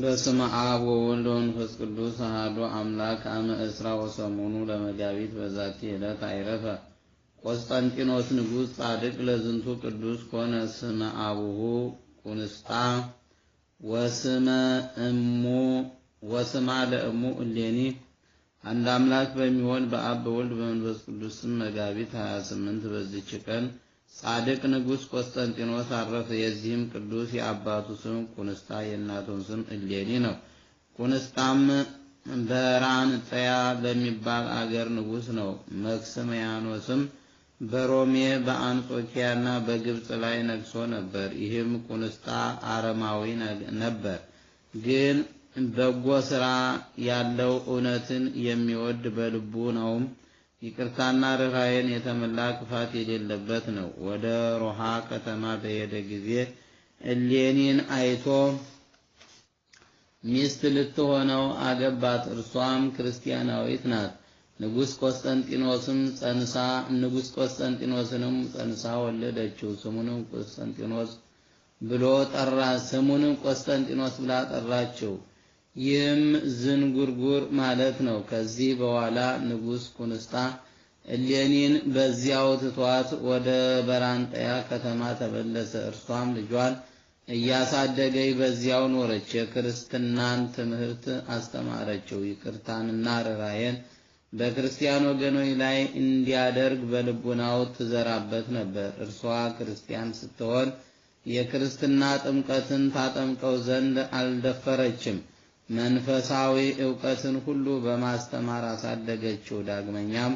በስመ አብ ወወልድ ወመንፈስ ቅዱስ አሐዱ አምላክ አመ እስራ ወሰሙኑ ለመጋቢት በዛቲ ዕለት አይረፈ ቆስጠንጢኖስ ንጉሥ ጻድቅ ለዝንቱ ቅዱስ ኮነ ስመ አቡሁ ቁንስጣ ወስመ እሙ ወስማ ለእሙ እሌኒ አንድ አምላክ በሚሆን በአብ በወልድ በመንፈስ ቅዱስ ስም መጋቢት 28 በዚች ቀን ጻድቅ ንጉሥ ቆስጠንጢኖስ አረፈ። የዚህም ቅዱስ የአባቱ ስም ቁንስታ የእናቱን ስም እሌኒ ነው። ቁንስጣም በራንጠያ ለሚባል አገር ንጉሥ ነው። መክስምያኖስም በሮሜ በአንጾኪያና በግብፅ ላይ ነግሶ ነበር። ይህም ቁንስጣ አረማዊ ነበር፣ ግን በጎ ሥራ ያለው እውነትን የሚወድ በልቡ ነውም ይቅርታና ርኅራኄን የተመላ ክፋት የሌለበት ነው። ወደ ሮሃ ከተማ በሄደ ጊዜ እሌኒን አይቶ ሚስት ልትሆነው አገባት። እርሷም ክርስቲያናዊት ናት። ንጉሥ ቆስጠንጢኖስም ጸንሳ ንጉስ ቆስጠንጢኖስንም ጸንሳ ወለደችው። ስሙንም ቆስጠንጢኖስ ብሎ ጠራ። ስሙንም ቆስጠንጢኖስ ብላ ጠራችው። ይህም ዝንጉርጉር ማለት ነው። ከዚህ በኋላ ንጉሥ ኩንስታ እሌኒን በዚያው ትቷት ወደ በራንጠያ ከተማ ተመለሰ። እርሷም ልጇን እያሳደገኝ በዚያው ኖረች። የክርስትናን ትምህርት አስተማረችው። ይቅርታንና ርኅራኄን በክርስቲያን ወገኖች ላይ እንዲያደርግ በልቡናው ትዘራበት ነበር። እርሷ ክርስቲያን ስትሆን የክርስትና ጥምቀትን ታጠምቀው ዘንድ አልደፈረችም። መንፈሳዊ እውቀትን ሁሉ በማስተማር አሳደገችው። ዳግመኛም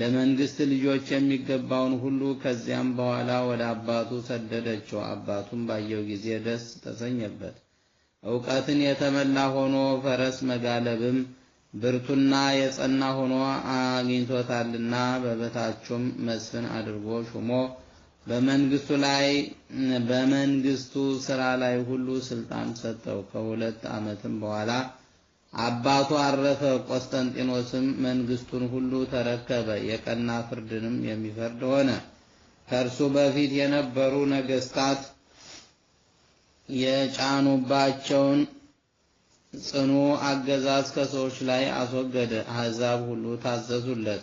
ለመንግስት ልጆች የሚገባውን ሁሉ ከዚያም በኋላ ወደ አባቱ ሰደደችው። አባቱም ባየው ጊዜ ደስ ተሰኘበት። እውቀትን የተመላ ሆኖ ፈረስ መጋለብም ብርቱና የጸና ሆኖ አግኝቶታልና በበታቹም መስፍን አድርጎ ሹሞ በመንግስቱ ላይ በመንግስቱ ስራ ላይ ሁሉ ስልጣን ሰጠው። ከሁለት ዓመትም በኋላ አባቱ አረፈ። ቆስጠንጢኖስም መንግስቱን ሁሉ ተረከበ። የቀና ፍርድንም የሚፈርድ ሆነ። ከእርሱ በፊት የነበሩ ነገስታት የጫኑባቸውን ጽኑ አገዛዝ ከሰዎች ላይ አስወገደ። አሕዛብ ሁሉ ታዘዙለት።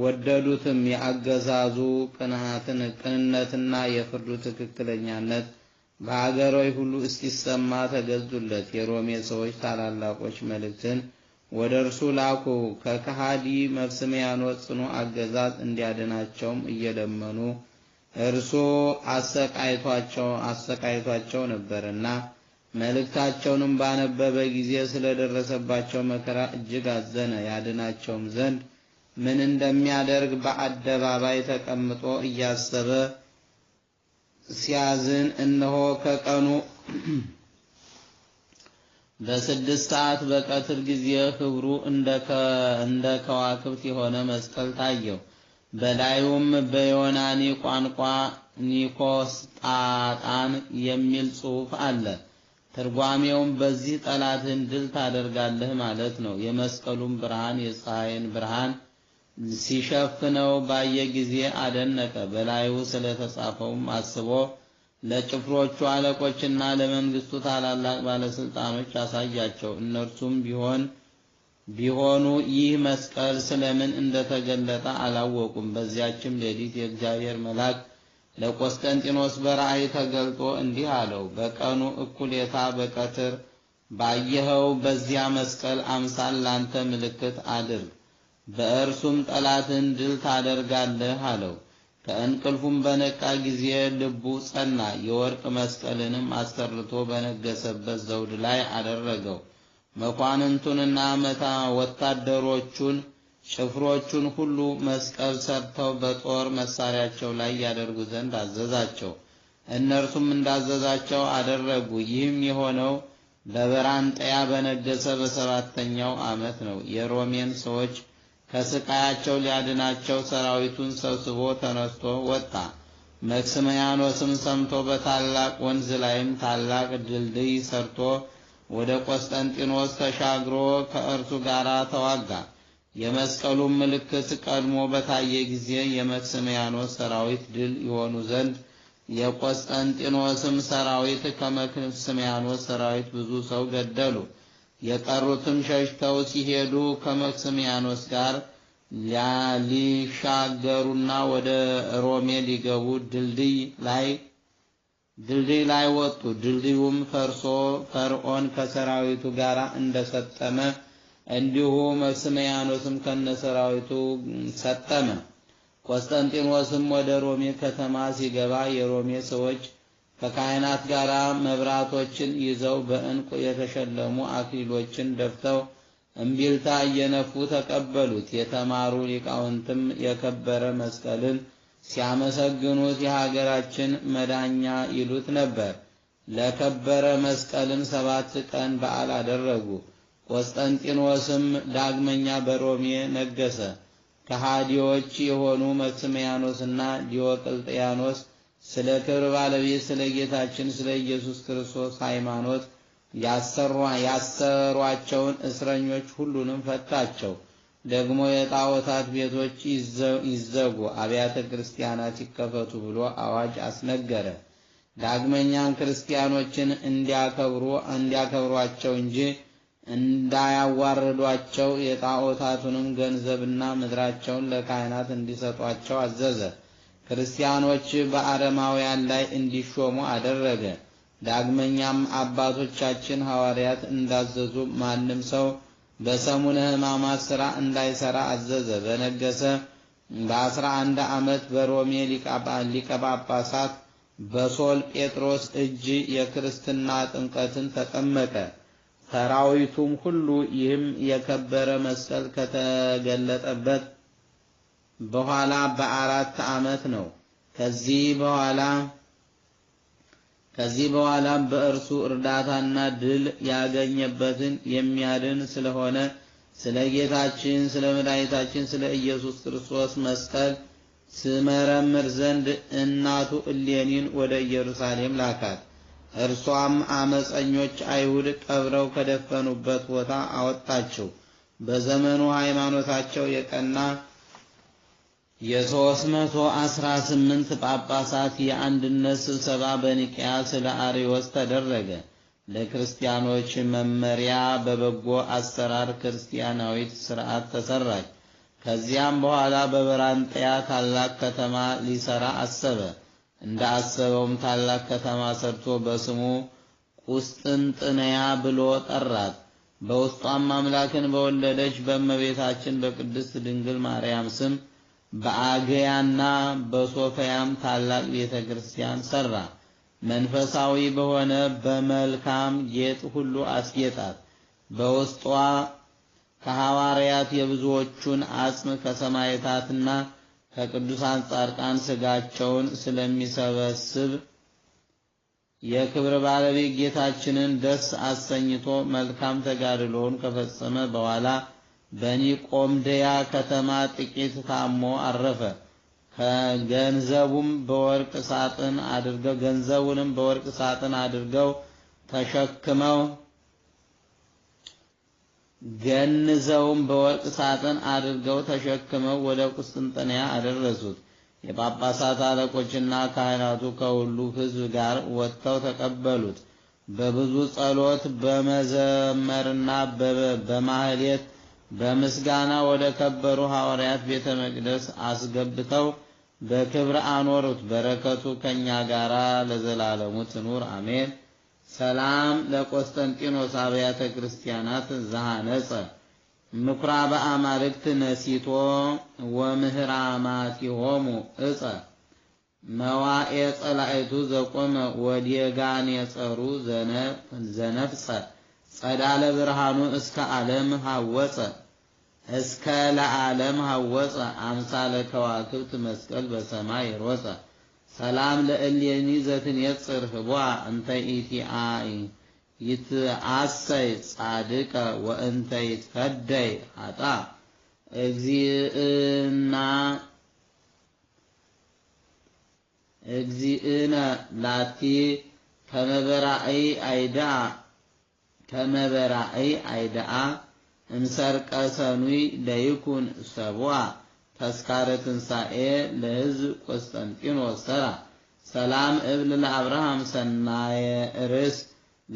ወደዱትም የአገዛዙ ቅንሃትን ቅንነትና የፍርዱ ትክክለኛነት በአገሮች ሁሉ እስኪሰማ ተገዙለት። የሮሜ ሰዎች ታላላቆች መልእክትን ወደ እርሱ ላኩ። ከከሃዲ መክስምያኖስ ጽኑ አገዛዝ እንዲያድናቸውም እየለመኑ እርሱ አሰቃይቷቸው አሰቃይቷቸው ነበርና መልእክታቸውንም ባነበበ ጊዜ ስለደረሰባቸው መከራ እጅግ አዘነ። ያድናቸውም ዘንድ ምን እንደሚያደርግ በአደባባይ ተቀምጦ እያሰበ ሲያዝን እነሆ ከቀኑ በስድስት ሰዓት በቀትር ጊዜ ክብሩ እንደ ከዋክብት የሆነ መስቀል ታየው። በላዩም በዮናኒ ቋንቋ ኒኮስጣጣን የሚል ጽሑፍ አለ። ትርጓሜውም በዚህ ጠላትን ድል ታደርጋለህ ማለት ነው። የመስቀሉም ብርሃን የፀሐይን ብርሃን ሲሸፍነው ባየ ጊዜ አደነቀ። በላዩ ስለተጻፈውም አስቦ ለጭፍሮቹ አለቆችና ለመንግስቱ ታላላቅ ባለስልጣኖች አሳያቸው። እነርሱም ቢሆን ቢሆኑ ይህ መስቀል ስለምን እንደተገለጠ አላወቁም። በዚያችም ሌሊት የእግዚአብሔር መልአክ ለቆስጠንጢኖስ በራእይ ተገልጦ እንዲህ አለው፣ በቀኑ እኩሌታ በቀትር ባየኸው በዚያ መስቀል አምሳል ላንተ ምልክት አድርግ በእርሱም ጠላትን ድል ታደርጋለህ አለው። ከእንቅልፉም በነቃ ጊዜ ልቡ ጸና። የወርቅ መስቀልንም አሰርቶ በነገሰበት ዘውድ ላይ አደረገው። መኳንንቱንና መታ ወታደሮቹን ጭፍሮቹን ሁሉ መስቀል ሰርተው በጦር መሳሪያቸው ላይ ያደርጉ ዘንድ አዘዛቸው። እነርሱም እንዳዘዛቸው አደረጉ። ይህም የሆነው በበራንጠያ በነገሰ በሰባተኛው ዓመት ነው። የሮሜን ሰዎች ከስቃያቸው ሊያድናቸው ሰራዊቱን ሰብስቦ ተነስቶ ወጣ። መክስምያኖስም ሰምቶ በታላቅ ወንዝ ላይም ታላቅ ድልድይ ሰርቶ ወደ ቆስጠንጢኖስ ተሻግሮ ከእርሱ ጋር ተዋጋ። የመስቀሉን ምልክት ቀድሞ በታየ ጊዜ የመክስምያኖስ ሰራዊት ድል የሆኑ ዘንድ የቆስጠንጢኖስም ሰራዊት ከመክስምያኖስ ሰራዊት ብዙ ሰው ገደሉ። የቀሩትም ሸሽተው ሲሄዱ ከመክስሚያኖስ ጋር ሊሻገሩና ወደ ሮሜ ሊገቡ ድልድይ ላይ ድልድይ ላይ ወጡ። ድልድዩም ፈርሶ ፈርዖን ከሰራዊቱ ጋር እንደሰጠመ እንዲሁ መክስሚያኖስም ከነሰራዊቱ ሰጠመ። ቆስጠንጢኖስም ወደ ሮሜ ከተማ ሲገባ የሮሜ ሰዎች ከካህናት ጋር መብራቶችን ይዘው በእንቁ የተሸለሙ አክሊሎችን ደፍተው እምቢልታ እየነፉ ተቀበሉት። የተማሩ ሊቃውንትም የከበረ መስቀልን ሲያመሰግኑት የሀገራችን መዳኛ ይሉት ነበር። ለከበረ መስቀልም ሰባት ቀን በዓል አደረጉ። ቆስጠንጢኖስም ዳግመኛ በሮሜ ነገሰ። ከሃዲዎች የሆኑ መክስሚያኖስና ዲዮቅልጥያኖስ ስለ ክብር ባለቤት ስለ ጌታችን ስለ ኢየሱስ ክርስቶስ ሃይማኖት ያሰሯቸውን እስረኞች ሁሉንም ፈታቸው። ደግሞ የጣዖታት ቤቶች ይዘጉ፣ አብያተ ክርስቲያናት ይከፈቱ ብሎ አዋጅ አስነገረ። ዳግመኛም ክርስቲያኖችን እንዲያከብሩ እንዲያከብሯቸው እንጂ እንዳያዋርዷቸው የጣዖታቱንም ገንዘብና ምድራቸውን ለካህናት እንዲሰጧቸው አዘዘ። ክርስቲያኖች በአረማውያን ላይ እንዲሾሙ አደረገ። ዳግመኛም አባቶቻችን ሐዋርያት እንዳዘዙ ማንም ሰው በሰሙነ ሕማማት ሥራ እንዳይሠራ አዘዘ። በነገሰ በአስራ አንድ ዓመት በሮሜ ሊቀ ጳጳሳት በሶል ጴጥሮስ እጅ የክርስትና ጥምቀትን ተጠመቀ። ሰራዊቱም ሁሉ ይህም የከበረ መስቀል ከተገለጠበት በኋላ በአራት ዓመት ነው። ከዚህ በኋላ ከዚህ በኋላ በእርሱ እርዳታና ድል ያገኘበትን የሚያድን ስለሆነ ስለ ጌታችን ስለ መድኃኒታችን ስለ ኢየሱስ ክርስቶስ መስቀል ስመረምር ዘንድ እናቱ እሌኒን ወደ ኢየሩሳሌም ላካት። እርሷም አመፀኞች አይሁድ ቀብረው ከደፈኑበት ቦታ አወጣቸው። በዘመኑ ሃይማኖታቸው የቀና የሦስት መቶ አስራ ስምንት ጳጳሳት የአንድነት ስብሰባ በኒቅያ ስለ አርዮስ ተደረገ። ለክርስቲያኖች መመሪያ በበጎ አሰራር ክርስቲያናዊት ስርዓት ተሰራች። ከዚያም በኋላ በበራንጠያ ታላቅ ከተማ ሊሰራ አሰበ። እንደ አሰበውም ታላቅ ከተማ ሰርቶ በስሙ ቁስጥንጥንያ ብሎ ጠራት። በውስጧም አምላክን በወለደች በእመቤታችን በቅድስት ድንግል ማርያም ስም በአገያና በሶፊያም ታላቅ ቤተ ክርስቲያን ሰራ። መንፈሳዊ በሆነ በመልካም ጌጥ ሁሉ አስጌጣት። በውስጧ ከሐዋርያት የብዙዎቹን አጽም ከሰማዕታትና ከቅዱሳን ጻድቃን ስጋቸውን ስለሚሰበስብ የክብር ባለቤት ጌታችንን ደስ አሰኝቶ መልካም ተጋድሎውን ከፈጸመ በኋላ በኒቆምደያ ከተማ ጥቂት ታሞ አረፈ። ከገንዘቡም በወርቅ ሳጥን አድርገው ገንዘቡንም በወርቅ ሳጥን አድርገው ተሸክመው ገንዘውም በወርቅ ሳጥን አድርገው ተሸክመው ወደ ቁስጥንጥንያ አደረሱት። የጳጳሳት አለቆችና ካህናቱ ከሁሉ ሕዝብ ጋር ወጥተው ተቀበሉት። በብዙ ጸሎት በመዘመርና በማህሌት በምስጋና ወደ ከበሩ ሐዋርያት ቤተ መቅደስ አስገብተው በክብር አኖሩት። በረከቱ ከኛ ጋራ ለዘላለሙ ትኑር አሜን። ሰላም ለቆስጠንጢኖስ አብያተ ክርስቲያናት ዘሐነጸ ምኵራበ አማልክት ነሲቶ ወምህራማቲሆሙ እፀ መዋኤ ጸላእቱ ዘቆመ ወዲጋን የጸሩ ዘነፍጸ ጸዳለ ብርሃኑ እስከ ዓለም ሐወጸ እስከ ለዓለም ሐወፀ አምሳለ ከዋክብት መስቀል በሰማይ ሮፀ ሰላም ለእሌኒ ዘትኔጽር ህቧ እንተ ኢቲአይ ይትአሰይ ጻድቀ ወእንተ ይትከደይ ኃጣ እግዚእና እግዚእነ ላቲ ከመበራእይ አይዳአ ከመበራእይ አይዳአ እምሰርቀሰኑይ ለይኩን ሰቡአ ተስካረ ትንሣኤ ለሕዝብ ቆስጠንጢኖስ ሠራ ሰላም እብል ለአብርሃም ሰናየ ርስ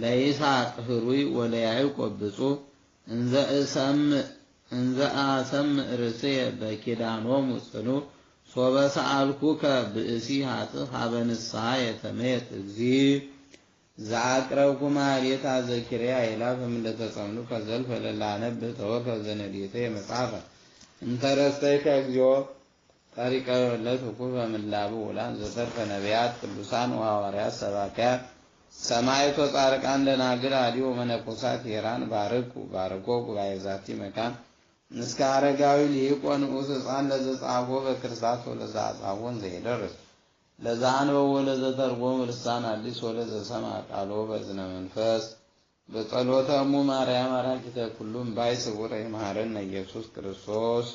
ለይስሐቅ ህሩይ ወለያዕቆብ ብፁዕ እንዘአሰም አሰም ርእስየ በኪዳኖሙ ጽኑዕ ሶበ ሰአልኩከ ብእሲ ሀጥእ ሀበ የተመየት እግዚእ ዘአቅረብኩማ ቤታ ዘኪርያ ይላፍ እንደተጸምኑ ከዘልፈ ለላነብ ተወከብ ዘነዴተ የመጽሐፈ እንተረስተይከ እግዚኦ ጠሪቀ ለትኩፈ ምላቡ ውላን ዘተርፈ ነቢያት ቅዱሳን ወሐዋርያት ሰባክያት ሰማይቶ ጻርቃን ደናግል አዲሁ መነኮሳት ሄራን ባርኩ ባርኮ ጉባኤ ዛቲ መካን እስከ አረጋዊ ሊቆ ንዑስ ሕፃን ለዘጻፎ በክርስቶስ ለዘአጻፎን ዘይደርስ ለዛንበው ወለዘተርጎም ልሳነ ሐዲስ ወለዘሰምዐ ቃሎ በዝነ መንፈስ በጸሎተ እሙ ማርያም አራቂተ ኩሉም ባይ ስውረ ይምሃረነ ኢየሱስ ክርስቶስ።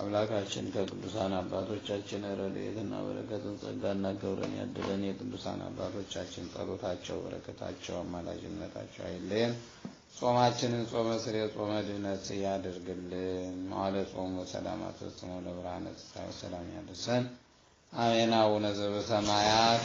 አምላካችን ከቅዱሳን አባቶቻችን ረድኤትና በረከትን ጸጋና ክብርን ያድለን። የቅዱሳን አባቶቻችን ጸሎታቸው፣ በረከታቸው፣ አማላጅነታቸው አይለየን። ጾማችንን ጾመ ስርየት ጾመ ድህነት ያድርግልን። መዋለ ጾሙ ወሰላም አስፈጽሞ ለብርሃነ ትንሣኤው ሰላም ያድርሰን። አሜን። አቡነ ዘበሰማያት